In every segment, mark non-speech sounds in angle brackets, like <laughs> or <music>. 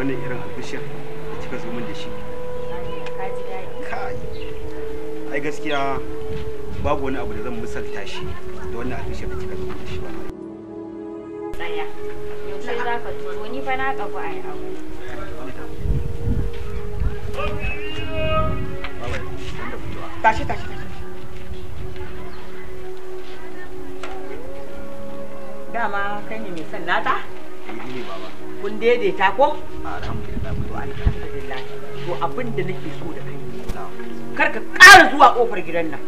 wannan irin albishir da kika zo min da shi kai ai gaskiya babu wani abu da zan misalta shi da wannan albishir da kika zo min da shi ba tsaya yaushe za ka fa na tashi tashi tashi dama kai ne mai son nata? Eh, ni ne baba. kun daidaita ko alhamdulillah to abin da nake so da kai kar ka ƙara zuwa ƙofar gidan nan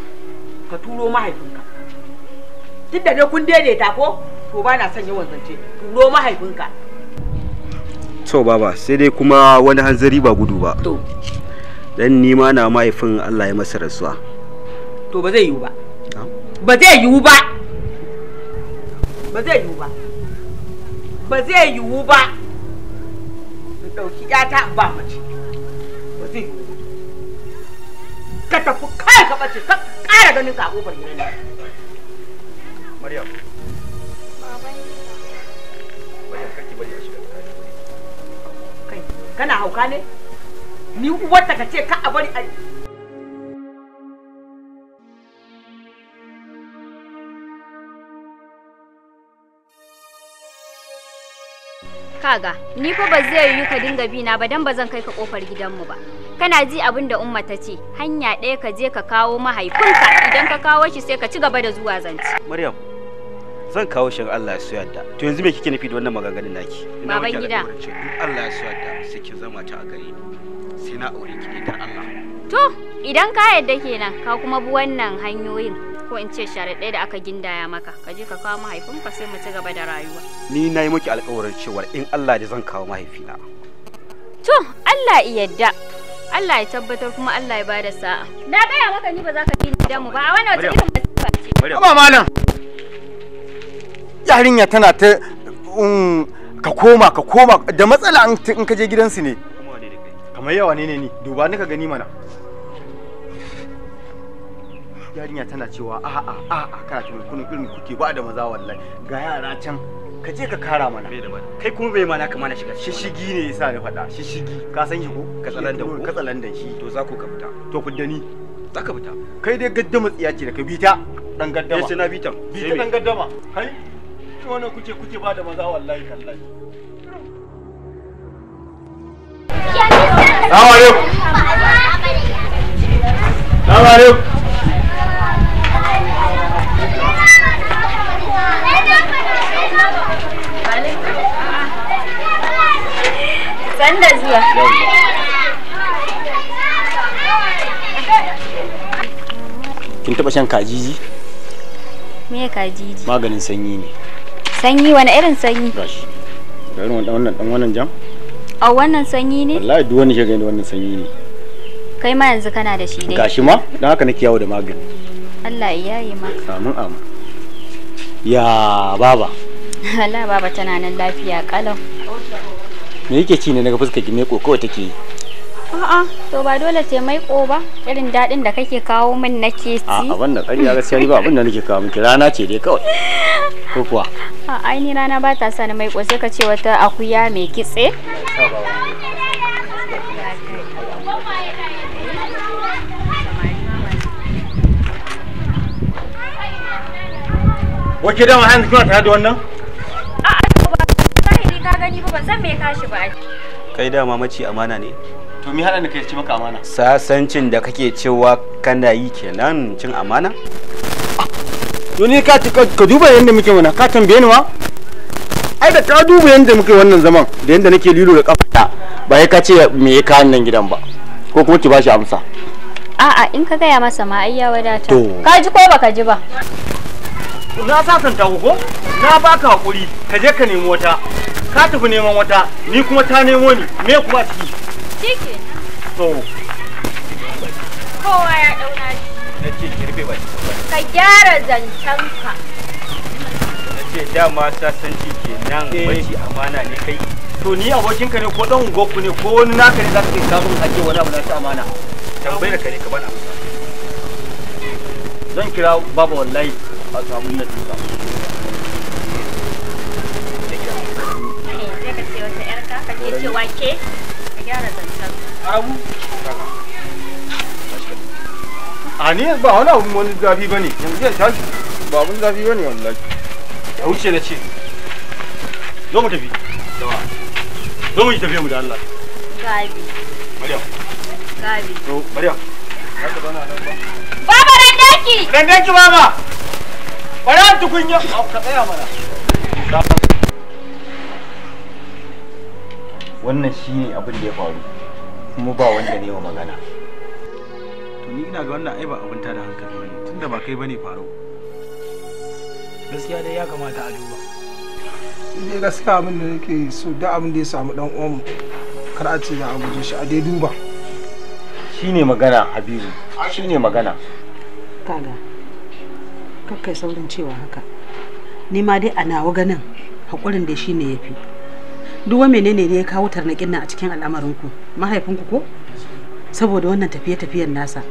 ka turo mahaifinka duk da kun daidaita ko to ba na son yawan zance turo mahaifinka to baba sai dai kuma wani hanzari ba gudu ba to dan ni ma na mahaifin Allah ya masa rasuwa to ba zai yiwu ba ba zai yiwu ba ba zai yiwu ba ba zai yiwu ba in ɗauki ƴata in ba mace ba zai ka tafi ka bace ka ƙara ganin ka a ƙofar gidan nan Maryam Maryam kake bari a shiga kai kana hauka ne ni uwarta ka ce ka a bari a Kaga, ni fa ba zai yi ka dinga bi na ba dan ba zan kai ka kofar gidanmu ba. Kana ji abin da Umma ta ce, hanya ɗaya ka je ka kawo mahaifinka idan ka kawo shi sai ka ci gaba da zuwa zance. Maryam, zan kawo shi Allah ya so yadda. To yanzu me kike nufi da wannan maganganun naki? Baban gida. Allah ya so yadda sai ki zama ta a gare ni. Sai na aure ki idan Allah. To, idan ka yadda kenan ka kuma bi wannan hanyoyin ko in ce ɗaya da aka gindaya maka ka je ka kawo ka sai mu ci gaba da rayuwa ni na yi miki alkawarin cewa in Allah da zan kawo mahaifina to Allah ya yadda Allah ya tabbatar kuma Allah ya bada sa'a na gaya maka ni ba za ka bi ni damu ba a wannan wata irin masifa ce ba malam yarinya tana ta um, ka koma ka koma da matsala in ka je gidansu ne kamar yawa ne ne ni duba ni ka gani mana yarinya tana cewa a'a a'a kana tuno kunun irin kuke ba da maza wallahi ga yara can ka je ka kara mana kai kuma bai mana ka na shiga shishigi ne yasa na faɗa shishigi ka san shi ko tsalan da tsalan da shi to za ku ka fita to ku dani za ka fita kai dai gaddama tsiya ce da ka bita dan gaddama yace eh, na bita bita dan gaddama kai shi wannan kuke kuke ba da maza wallahi kallahi Assalamu alaikum. Assalamu alaikum. Sanda zuwa. Kin taɓa shan kajiji? Me kajiji? Maganin sanyi ne. Sanyi wani irin sanyi? Gashi. Ga irin wannan dan wannan jam? A oh, wannan sanyi ne? Wallahi duk wani shiga wannan sanyi ne. Kai ma yanzu kana da shi dai. Gashi ma, dan haka nake yawo da magani. Allah ya yi ma. Amin amin. Ya baba. Allah <laughs> baba tana nan lafiya kalau. Me yake ci ne naga fuskar ki me kokowa take yi? A'a, to ba dole ce mai ko ba, irin dadin da kake kawo min nake ci. A'a, wannan ƙarya gaskiya ni ba abin da nake kawo miki rana ce dai kawai. Ko kuwa? A'a, ni rana ba ta sa ni mai ko sai ka ce wata akuya mai kitse. Wace dama hanzu kuna tare da wannan? ni ba ban san me kashi ba kai dama mace amana ne to me haɗa da kai ci maka amana sasancin da kake cewa kana yi kenan cin amana to ni ka ka duba yadda muke wannan ka tambaye ni ma ai da ka duba yadda muke wannan zaman da yanda nake lilo da kafata ba ya ka ce me ya kawo nan gidan ba ko kuma ki bashi amsa a'a in ka gaya masa ma ai ya wadata ka ji ko baka ji ba na sasanta ko na baka hakuri ka je ka nemi wata ka tafi neman wata ni kuma ta nemo ni me kuma ciki ciki to kowa ya dauna shi na ce girbe ba ka gyara zancenka na ce dama ke kenan eh. bacci amana ne kai to ni abokinka ne ko dan goku ne ko wani naka ne za ka kai kamun ake wani abu na ta amana tambayar ka ne ka bana zan kira Baba wallahi a samu na tuka Ani a gyara zancen abu a ba wani abu wani zafi bane yanzu ya wuce na ce zo mu tafi zo mu mu da Allah gabi maryam gabi to maryam baba baba tukunya ka tsaya mana wannan shi ne abin da ya faru kuma ba wanda ne wa magana to ni ina ga wannan ai ba abin da hankali bane tunda ba kai bane faru gaskiya dai ya kamata a duba dai gaskiya abin da nake so da abin da ya samu dan uwan kar a ce a guje shi a dai duba Shi ne magana habibu shi ne magana kaga kakkai saurin cewa haka ni ma dai a nawa ganin hakurin da shi ya yafi duk wa menene ne ya kawo tarnaƙin nan a cikin al'amarinku mahaifinku ko saboda wannan tafiye-tafiyen nasa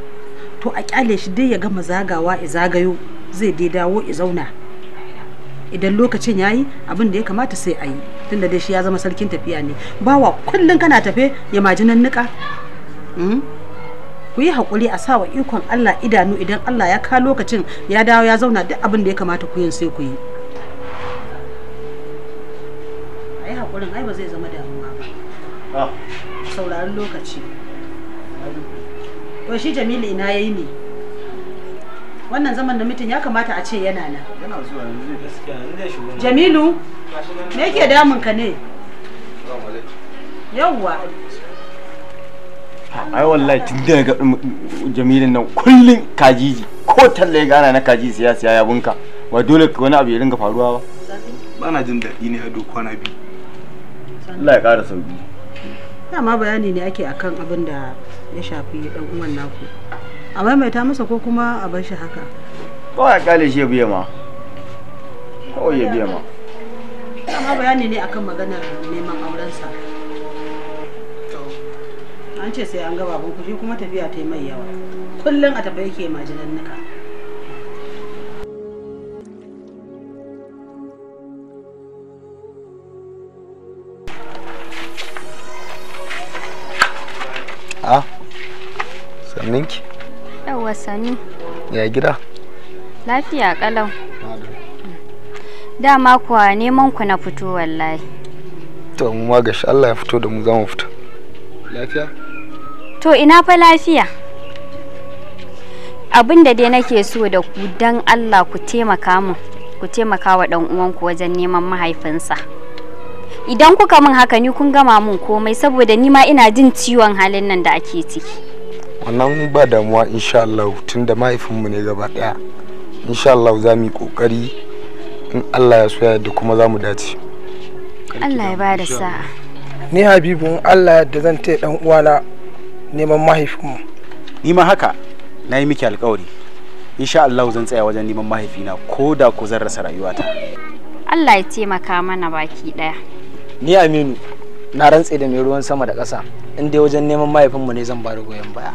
to a kyale shi dai ya gama zagawa ya zagayo zai dai dawo ya zauna idan lokacin yayi abin da ya kamata sai a yi tunda dai shi ya zama sarkin tafiya ne bawa kullum kana tafe ya majinan nika hmm? ku yi hakuri a sawa ikon Allah idanu idan Allah ya ka lokacin ya dawo ya zauna duk abin da ya kamata ku yin sai ku yi wurin ai ba zai zama damuwa ba ah. sauraron lokaci to shi jamilu ina yayi ne wannan zaman da mutum ya kamata a ce yana nan yana zuwa yanzu gaskiya in zai shigo jamilu me yake damun ka ne yawwa ah, ai wallahi tun da ga mm, mm, jamilu nan kullun kajiji ko Talle ya gana na kaji siya siya ya bunka wa dole wani abu ya ringa faruwa ba ba na jin daɗi ne a duk kwana biyu Allah ya ƙara sauki dama bayani ne ake akan abin da ya shafi dan uwan naku a maimaita masa ko kuma a bar shi haka kawai ya kale shi ya biya ma kawai ya biya ma dama bayani ne akan maganar neman aurensa an ce sai an gaba kun kuma tafiya ta yi mai yawa kullum a tafi yake majinan nika sanninki yawa sani ya gida lafiya kalau dama kuwa neman ku na fito wallahi to mu ma gashi Allah ya fito da mu za mu fita lafiya to ina fa lafiya abin da dai nake so da ku dan Allah ku taimaka mu ku taimaka wa dan uwanku wajen neman mahaifinsa idan kuka min haka ni kun gama mun komai saboda ni ma ina jin ciwon halin nan da ake ciki wannan ba damuwa insha Allah tun da mahaifinmu ne gaba daya insha Allah za mu yi kokari in Allah ya soya da kuma za mu dace Allah ya bada sa'a ni Habibu in Allah yadda zan taya dan uwana neman mahaifinmu ni ma haka na yi miki alkawari insha Allah zan tsaya wajen neman mahaifina ko da ku zan rasa rayuwata Allah ya taimaka mana baki daya ni Aminu na rantse da mai ruwan sama da ƙasa in dai wajen neman mahaifinmu ne zan ba da goyon baya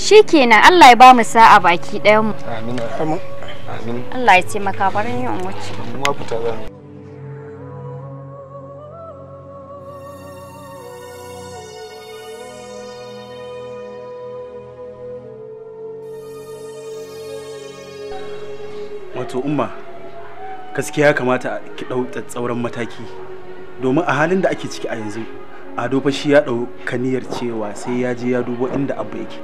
shikenan Allah ya ba mu sa'a baki ɗayan mu amin amin Allah ya taimaka barin yin wuce mu fita za wato umma gaskiya ya kamata ki ɗau tsauran mataki domin a halin da ake ciki a yanzu ado dofa shi ya ɗauka niyyar cewa sai ya je ya dubo inda abba yake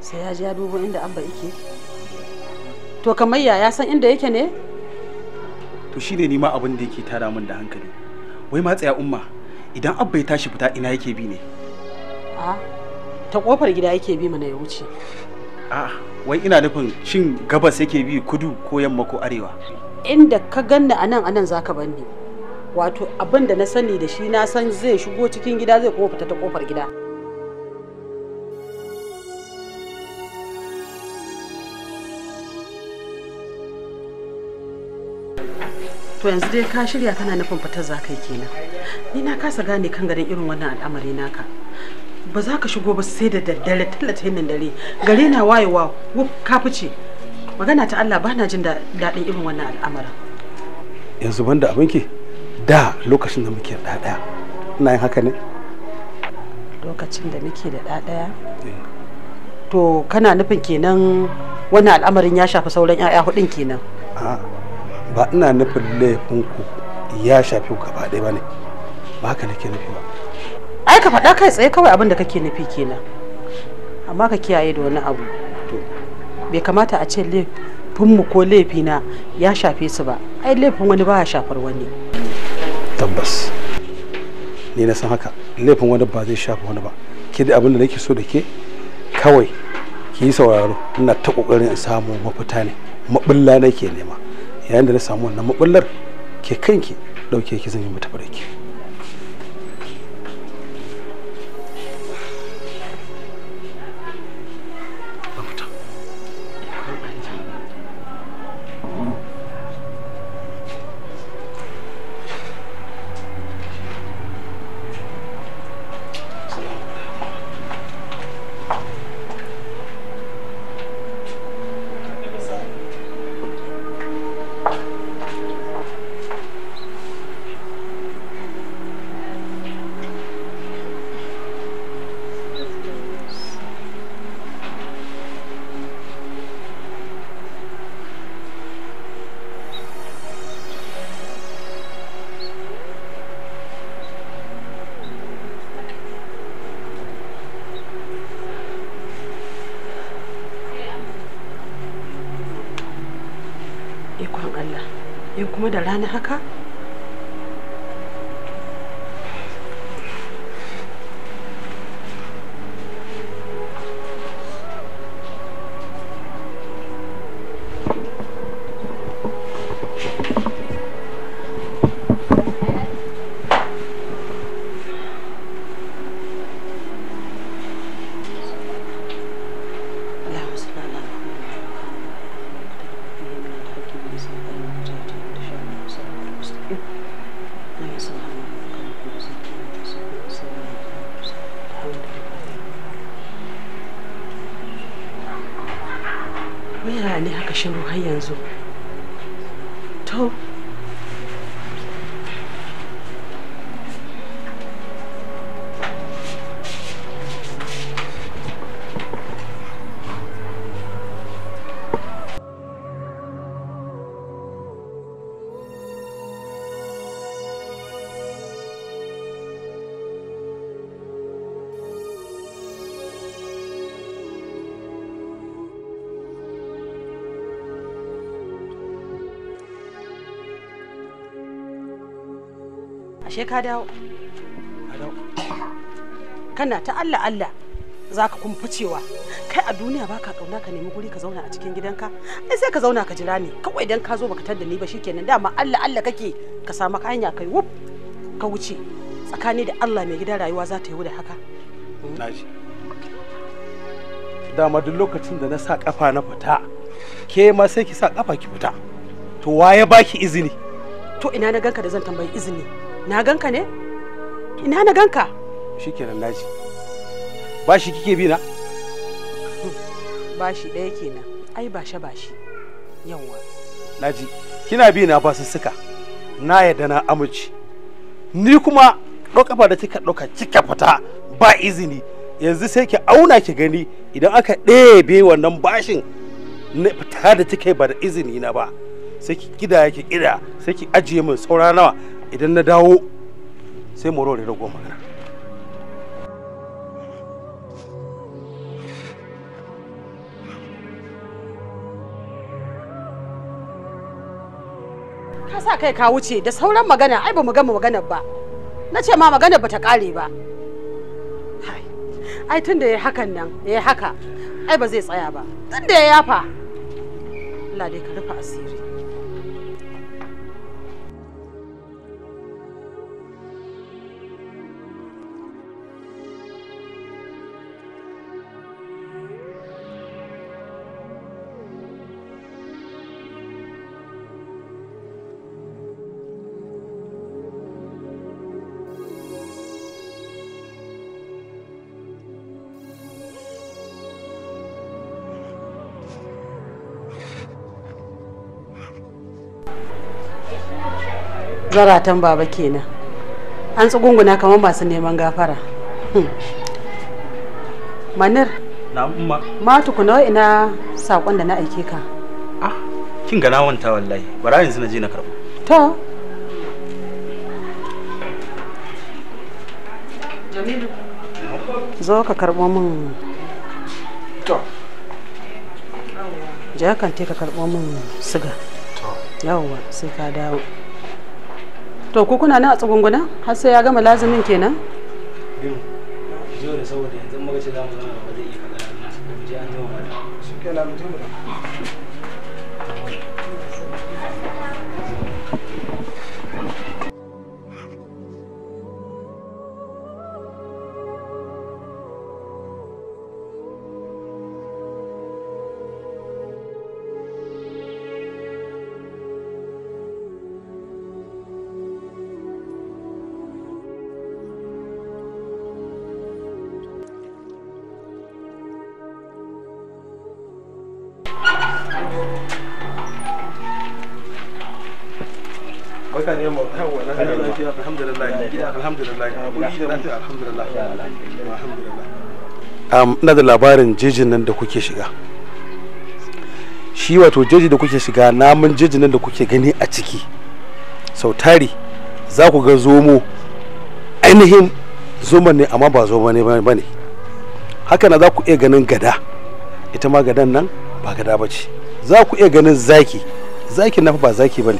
sai ya je ya dubo inda abba yake to kamar ya san inda yake ne to shine ni ma abin da yake tara min da hankali wai ma tsaya umma idan abba ya tashi fita ina yake bi ne a ta kofar gida yake bi mana ya wuce a wai ina nufin shin gabas yake bi kudu ko yamma ko arewa inda ka ganni anan-anan a nan za ka banni wato abin da na sani da shi na san zai shigo cikin gida zai kuma fita ta kofar gida to yanzu dai ka shirya kana nufin fitar za kai kenan ni na kasa gane kan garin irin wannan al'amari naka ba za ka shigo ba sai da daddare tallata yin dare gare na wayewa wuf ka fice magana ta Allah bana jin daɗin irin wannan al'amarin yanzu banda ki da lokacin da muke da ɗaya ina yin haka ne lokacin da muke da ɗaya eh. to kana nufin kenan wannan al'amarin ya shafi sauran 'ya'ya hudun kenan ba ina nufin ku ya shafi ku gaba ɗaya ba ba haka nake nufi ba ai ka faɗa kai tsaye kawai abin da kake nufi kenan amma ka kiyaye da wani abu bai kamata a ce laifinmu ko laifina ya shafe su ba ai laifin wani ba ya shafar wani tabbas ni na san haka laifin wani ba zai shafa wani ba ke da abin da nake so da ke kawai ki yi sauraro ina ta kokarin in samu mafita ne mabulla nake nema yayin da na samu wannan mabullar ke kanki dauke ki zan yi mata kuma da rana haka 一路黑烟走。ashe ka dawo kana ta Allah Allah za ka kuma ficewa kai a duniya baka kauna ka nemi guri ka zauna a cikin gidanka ai sai ka zauna ka jira ne kawai idan ka zo baka tar da ni ba shikenan dama Allah Allah kake ka samu hanya kai wuf ka wuce tsakani da Allah mai gidan rayuwa za ta yi da haka naji dama duk lokacin da na sa kafa na fita ke ma sai ki sa kafa ki fita to waye baki izini to ina na ganka da zan tambayi izini na ganka ne ina na ganka shikenan laji ba shi kike bi na <laughs> ba shi ɗaya kenan ai ba shi ba shi yawa laji kina bi na basussuka na yadda na amince ni kuma ɗaukafa da kika ɗauka kika fita ba izini yanzu sai ki auna ki gani idan aka ɗebe wannan bashin na fita da kika ba da izini na ba sai ki kida ki kida sai ki ajiye min saura nawa idan na dawo sai mu rore rago magana ka sa kai ka wuce da sauran magana ai ba mu gama maganar ba na ce ma maganar ba ta kare ba ai tun da ya hakan nan ya haka ai ba zai tsaya ba tun da ya yafa Allah dai ka rufe asiri zaratan baba kenan an tsugunguna kamar masu neman gafara hmm. manir na umma ma tukuna ina sakon da na aike ka ah kin ga wanta wallahi bara yanzu na je na karbo to zo ka karbo min to je kan te ka karbo min siga to yawwa sai ka dawo to ku kuna nan a tsugunguna har sai ya gama lazumin kenan saboda yanzu muka ce za mu zama ba zai iya faɗa na mu je an yi wa mata baka ne mu yawa na da lafiya alhamdulillah gida alhamdulillah kuri da lafiya alhamdulillah alhamdulillah ina da labarin jejin nan da kuke shiga shi wato jeji da kuke shiga namun jejin nan da kuke gani a ciki sau tari za ku ga zomo ainihin zoma ne amma ba zoma ne ba ne haka na za ku iya ganin gada ita ma gadan nan ba gada ba ce za ku iya ganin zaki zaki na ba zaki ba ne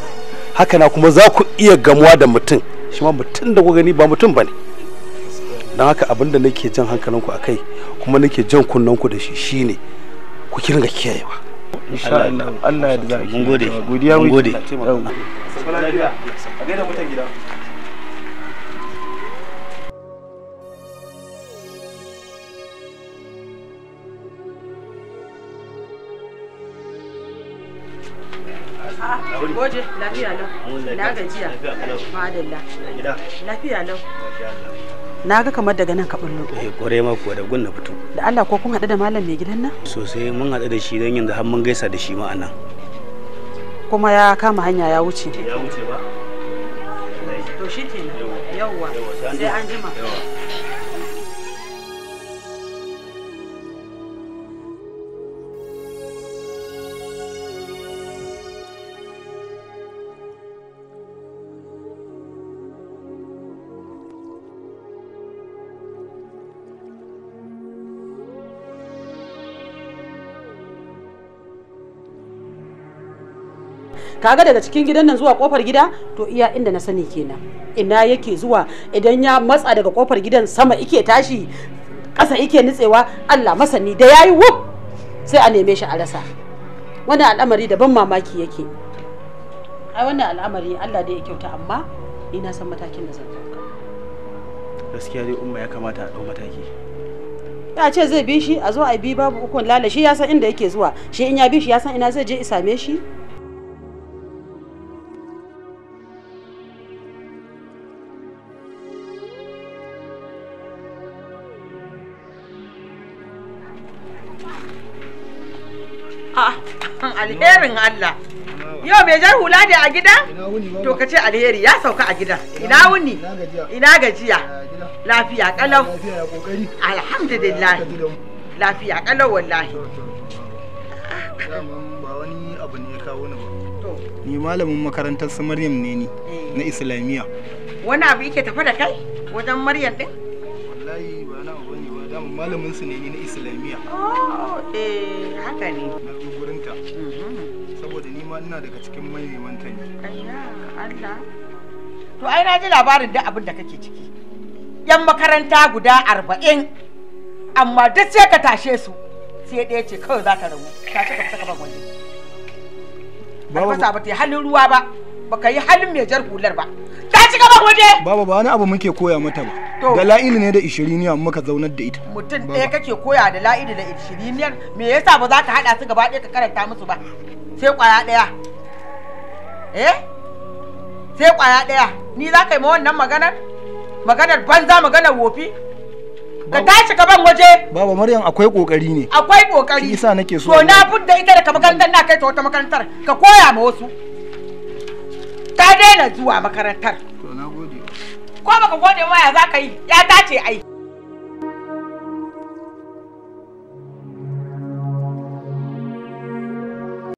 haka na kuma za ku iya gamuwa da mutum shi ma mutum da ku gani ba mutum ba ne don haka abin da nake jan hankalinku a kai kuma nake jan kunnanku da shi ne ku kirga kiyayewa insha Allah Goje, lafiya lau. Na gajiya. Madalla. Lafiya lau. Na ga kamar daga nan ka bullo. Eh, kore ma kuwa da gunna fito. Da Allah ko kun haɗu da malam mai gidan nan? Sosai mun haɗu da shi don yanzu har mun gaisa da shi ma anan. Kuma ya kama hanya ya wuce. Ya wuce ba. To shi kenan. Yawwa. Sai an jima. Yawwa. kaga daga cikin gidan nan zuwa kofar gida to iya inda na sani kenan ina yake zuwa idan ya matsa daga kofar gidan sama ike tashi ƙasa ike nutsewa Allah masani da yayi wuf sai a neme shi a rasa wani al'amari da ban mamaki yake ai wannan al'amari Allah da ya kyauta amma ni na san matakin da zan ɗauka gaskiya dai umma ya kamata a dau mataki ya ce zai bi shi a zo a bi babu ukun lalashi ya san inda yake zuwa shi in ya bi shi ya san ina zai je isame shi alherin Allah yau mai jar hula ne a gida to ka ce alheri ya sauka a gida ina wuni ina gajiya lafiya kalau alhamdulillah lafiya kalau wallahi ba wani abu ne ya kawo ni ba ni malamin makarantar su maryam ne ni eh. na islamiyya wani abu yake tafa da kai wajen maryam din wallahi ba na abu ne ba malamin su ne ni na islamiyya oh eh haka ne ina daga cikin maiman ta ne Allah to ai na ji labarin da abin da kake ciki yan makaranta guda arba'in amma duk sai ka tashe su sai ɗaya ce kawai za ta rabu ta ce ka fita ban Ba ba ta yi halin ruwa ba baka yi halin mai jar hular ba ta ci gaban waje baba ba wani abu muke koya mata ba da la'ili ne da ishiriniya muka zaunar da ita mutum ɗaya kake koya da la'ili da ishiriniyar me yasa ba za ka haɗa su gaba ɗaya ka karanta musu ba sai kwaya ɗaya eh sai kwaya ɗaya ni za ka yi ma wannan maganar maganar banza maganar wofi ka dace ka ban waje baba maryam akwai kokari ne akwai kokari shi nake so to na fudda ita da daga makarantar na kai ta wata makarantar ka koya ma wasu ta daina zuwa makarantar to na gode ko baka gode ma ya za ka yi ya dace ai